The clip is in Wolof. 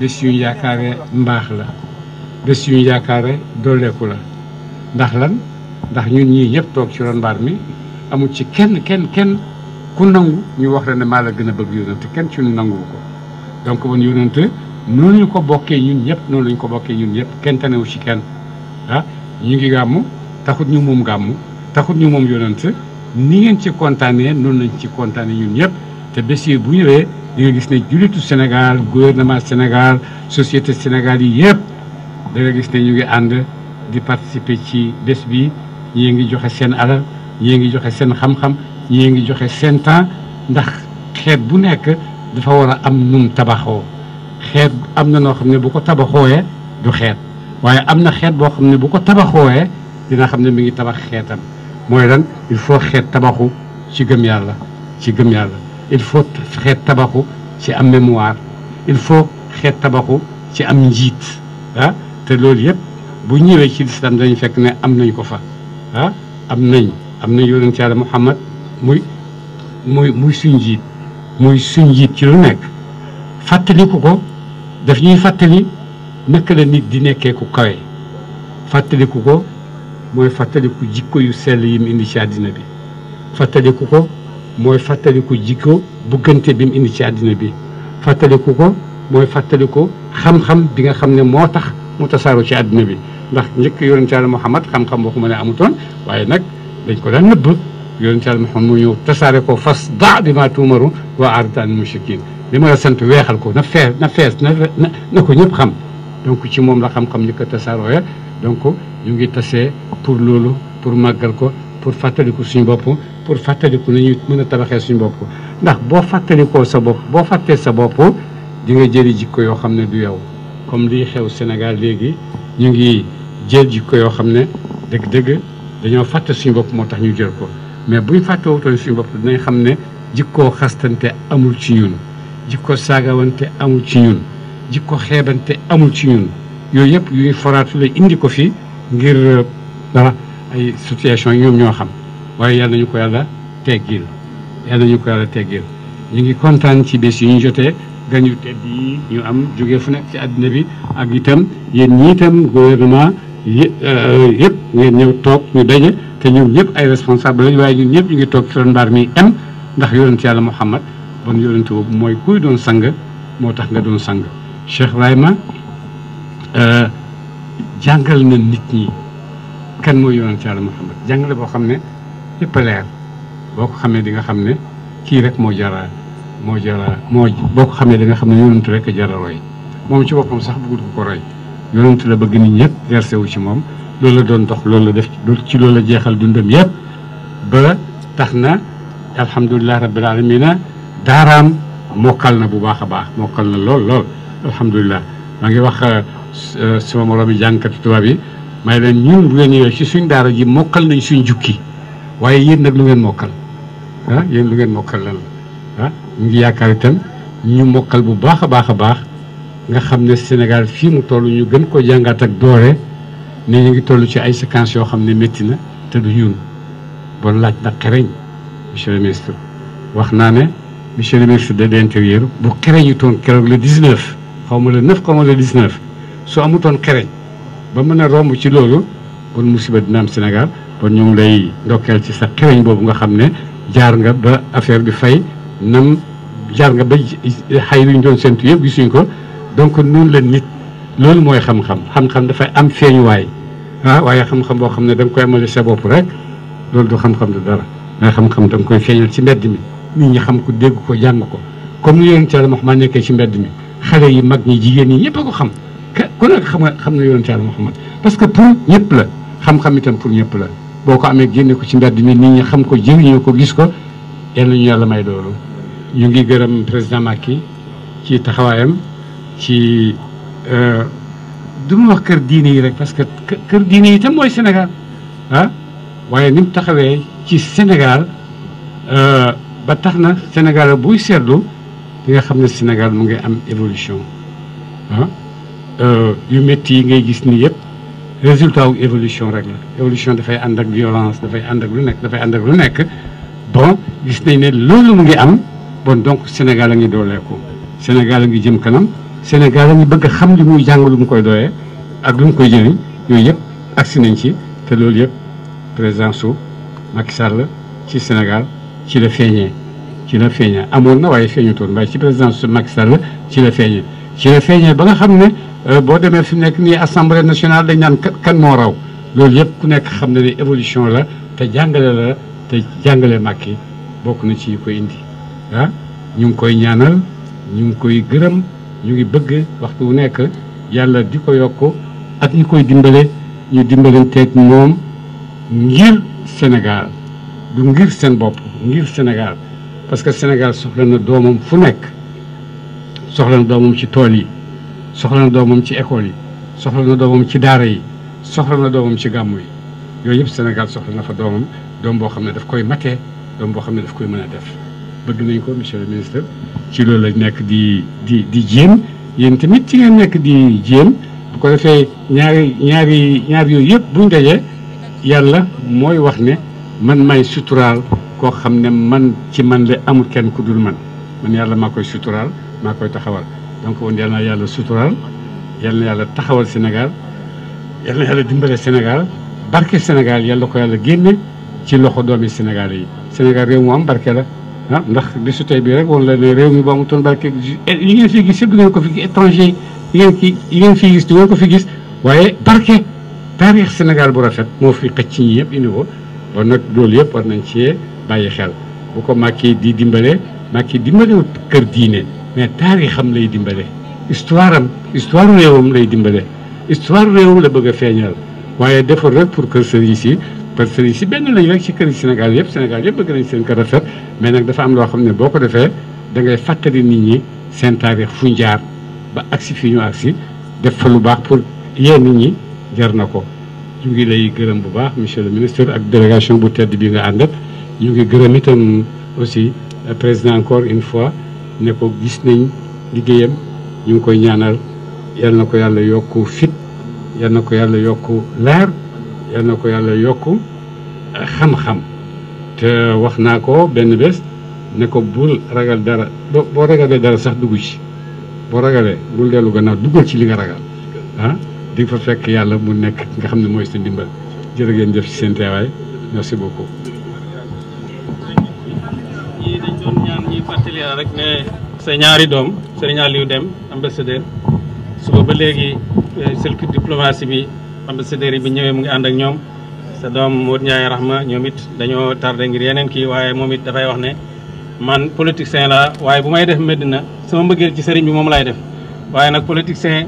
bés yu ñu yaakaare mbaax la bés yu ñu yaakaare dooleeku la ndax lan ndax ñun ñii ñëpp toog ci ron mbaar mi amul ci kenn kenn kenn ku nangu ñu wax la ne maa la gën a bëgg yonent kenn ci ñu nanguwu ko donc woon yonent noonu ñu ko bokkee ñun ñëpp noonu lañu ko bokkee ñun ñëpp kenn tanewu ci kenn ah ñu ngi gàmmu taxut ñu moom gàmmu taxut ñu moom yonent ni ngeen ci kontaanee noonu lañ ci kontaanee ñun ñëpp te bés yi bu ñëwee di gis ne jullitu Sénégal gouvernement Sénégal société Sénégal yi yëpp da gis ne ñu ngi ànd di participer ci bés bi ñii ngi joxe seen alal ñii ngi joxe seen xam-xam ñii ngi joxe seen temps ndax xeet bu nekk dafa war a am num tabaxoo xeet am na noo xam ne bu ko tabaxooyee du xeet waaye am na xeet boo xam ne bu ko tabaxooyee dina xam ne mi ngi tabax xeetam mooy lan il faut xeet tabaxu ci gëm yàlla ci gëm yàlla il faut xeet tabaxu ci am mémoire il faut xeet tabaxu ci am njiit ah, te loolu yëpp bu ñëwee ci lislam dañu fekk ne am nañ ko fa ah, am nañ am nañ yonent Yàlla Muhammad muy muy muy suñ njiit muy suñ njiit ci lu nekk fàttaliku ko daf ñuy fàttali naka la nit di nekkee ku kawe fàttaliku ko mooy fàttaliku jikko yu sell yi mu indi ci àddina bi fàttaliku ko mooy fàttaliku jikko buggante bi mu indi ci àddina bi fàttaliku ko mooy fàttaliku xam-xam bi nga xam ne moo tax mu tasaaroo ci àddina bi ndax njëkk yonent Yàlla Muhammad xam-xam boo ko mën a amutoon waaye nag dañ ko daan nëbb yonent Yàlla Muhammad mu ñëw tasaare ko fas daa bi maa tuumaru wa a'rid anil mushrikiin li ma la sant weexal ko na fees na fees na na ko ñëpp xam donc ci moom la xam-xam ñu ko tasaaroo donc ñu ngi tasee pour loolu pour màggal ko pour fàttaliku suñu bopp pour fàttaliku na ñuy mën a tabaxee suñu bopp ndax boo fàttalikoo sa bopp boo fàttee sa bopp di nga jëli jikko yoo xam ne du yow comme lii xew Sénégal léegi ñu ngi jël yoo xam ne dëgg-dëgg dañoo fàtte suñu bopp moo tax ñu jël ko mais buñ fàtte wutoon suñu bopp dinañ xam ne jikkoo xastante amul ci ñun jikko saagawante amul ci ñun jikko xeebante amul ci ñun yooyu yëpp yu foraatule indi ko fi ngir euh, dara ay situation ñoom ñoo xam waaye yàlla nañu ko yàlla teggil yàlla nañu ko yàlla teggil ñu ngi kontaan ci bés yu ñu jotee gan yu tedd yi ñu am jóge fu nekk ci àddina bi ak itam yéen ñi itam gouvernement euh, yëpp ngeen ñëw toog ñu daje te ñoom ñëpp ay responsable lañu waaye ñun ñëpp ñu ngi toog ci ron mbaar mi am ndax yonent yàlla Muhammad bon yonent boobu mooy kuy doon sang moo tax nga doon sang Cheikh Ibrahima euh, jàngal na nit ñi kenn mooy yonent yàlla Muhammad jàngale boo xam ne yëpp a leer boo ko xamee di nga xam ne kii rek moo jara moo jara moo boo ko xamee di nga xam ne yonent rek jara roy moom ci boppam sax bëggut ko ko roy yonent la bëgg nit ñëpp versé wu ci moom loolu la doon dox loolu la def ci loolu la jeexal dundam yëpp ba tax na alhamdulilah rabbil alamina daaraam mokkal na bu baax a baax mokkal na lool lool alhamdulilah maa ngi wax euh, sama moroom yi jànkatu tubaab yi may leen ñun bu ngeen ñëwee ci suñ daara ji mokkal nañ suñ jukki waaye yéen nag lu ngeen mokkal ah yéen lu ngeen mokkal lan la ah ñu ngi yaakaar itam ñu mokkal bu baax a baax a baax nga xam ne Sénégal fii mu toll ñu gën ko jàngaat ak doore ne ñu ngi toll ci ay séquences yoo xam ne métti na te du ñun bon laaj na xereñ monsieur le ministre wax naa ne monsieur le ministre de l'intérieur bu xereñutoon keroog le 19 xaw ma la 9 xaw ma le 19 su amutoon xereñ ba mën a romb ci loolu kon musiba dina am Sénégal kon ñu ngi lay ci sa xereñ boobu nga xam ne jaar nga ba affaire bi fay nam jaar nga ba xay yu ñu doon séntu yëpp gisuñ ko donc noonu leen nit loolu mooy xam-xam xam-xam dafay am feeñuwaay ah waaye xam-xam boo xam ne da koy amale sa bopp rek loolu du xam du dara mais xam-xam da koy feeñal ci mbedd mi nit ñi xam ko dégg ko jàng ko comme ni yonent Yàlla Muhammad nekkee ci mbedd mi xale yi mag ñi jigéen ñi ñëpp a ko xam kon nekk xam nga xam na yonent Yàlla Muhammad parce que pour ñëpp la xam-xam itam pour ñëpp la boo ko amee génne ko ci mbedd mi nit ñi xam ko jëriñoo ko gis ko yal nañu yàlla may loolu ñu ngi gërëm président Macky ci taxawaayam ci euh, du ma kër diine yi rek parce que kër diine yi tam mooy senegal ah waaye ni taxawee ci Sénégal euh, ba tax na Sénégal buy seetlu di nga xam ne Sénégal mu ngi am évolution ah euh, yu métti yi ngay gis nii yëpp résultat wu évolution rek la évolution dafay ànd ak violence dafay ànd ak lu nekk dafay ànd lu nekk bon gis nañ ne loolu mu ngi am bon donc Sénégal a ngi dooleeku Sénégal a ngi jëm kanam Sénégal a ngi bëgg xam li muy jàng lu mu koy doyee ak lu mu koy jëriñ yooyu yëpp agsi nañ ci te loolu yëpp présence su Macky Sall ci Sénégal ci la feeñee ci la feeñee amoon na waaye feeñutoon waaye ci présidence su Macky Sall ci la feeñee ci la feeñee ba nga xam ne. Euh, boo demee fi mu nekk nii assemblée nationale dañ naan kan moo raw loolu yëpp ku nekk xam ne ni évolution la te jàngale la te jàngale yi bokk na ci yu koy indi ah, ñu ngi koy ñaanal ñu ngi koy gërëm ñu ngi bëgg waxtu wu nekk yàlla di ko yokk ak ñu koy dimbale ñu dimbalanteeg moom ngir Sénégal du ngir seen bopp ngir Sénégal parce que Sénégal soxla na doomam fu nekk soxla na doomam ci tool yi soxla na doomam ci école yi soxla na doomam ci daara yi soxla na doomam ci gàmmu yi yooyu yëpp Sénégal soxla na fa doomam doom boo xam ne daf koy matee doom boo xam ne daf koy mën a def bëgg nañ ko monsieur le ministre ci loolu la nekk di di di jéem yéen tamit ci ngeen nekk di jéem bu ko defee ñaari ñaari ñaari yooyu yëpp bu dajee yàlla mooy wax ne man may suturaal koo xam ne man ci man la amul kenn ku dul man man yàlla maa koy suturaal maa koy taxawal donc woon yàlla na yàlla suturaal yal yàlla taxawal Sénégal na yàlla dimbale Sénégal barke Sénégal yàlla ko yàlla génne ci loxo doomi Sénégal yi Sénégal réew mu am barke la ah ndax bisu tey bii rek woon la ne réew mi boo amutoon barke eh, yi ngeen fi gis yëpp di ngeen ko fi étranger yi ngeen ki yi fi gis di ko fi gis waaye barke taarix Sénégal bu rafet moo fi xëcc ñi yëpp indi ko kon nag loolu yëpp war nañ ci bàyyi xel bu ko Macky di dimbale Macky dimbalewut kër diine mais taarixam lay dimbale histoire am histoire réewam lay dimbale histoire réewam la bëgg a feeñal waaye deful rek pour kër sëriñ si kër sëriñ si benn lañ rek ci kër Sénégal yëpp Sénégal yëpp bëgg nañ seen kër rafet mais nag dafa am loo xam ne boo ko defee da ngay fàttali nit ñi seen taarix fu ñu jaar ba agsi fi ñu agsi def fa lu baax pour yee nit ñi jar na ko ñu ngi lay gërëm bu baax monsieur le ministre ak délégation bu tedd bi nga àndat ñu ngi gërëm itam aussi euh, président une fois ne ko gis nañ liggéeyam ñu ngi koy ñaanal yal na ko yàlla yokk fit yal na ko yàlla yokk leer yal na ko yàlla yokk eh, xam-xam te wax naa ko benn bés ne ko bul ragal dara boo ragalee dara sax dugg ci boo ragalee bul dellu gannaaw duggal ci li nga ragal ah di fa fekk yàlla mu nekk nga xam ne mooy sa ndimbal jërë ngeen jëf ci seen teewaay merci beaucoup ñaan rek ne sa ñaari doom Serigne Aliou Deme ambassadeur suba ba léegi eh, cercle diplomatie bi ambassadeur yi bi ñëwee mu ngi ànd ak ñoom sa doom Modou Ndiaye Rahma ñoom it dañoo tardé ngir yeneen kii waaye moom it dafay wax ne man politicien la waaye bu may def medd na sama mbëggeel ci sëriñ bi moom lay def waaye nag politicien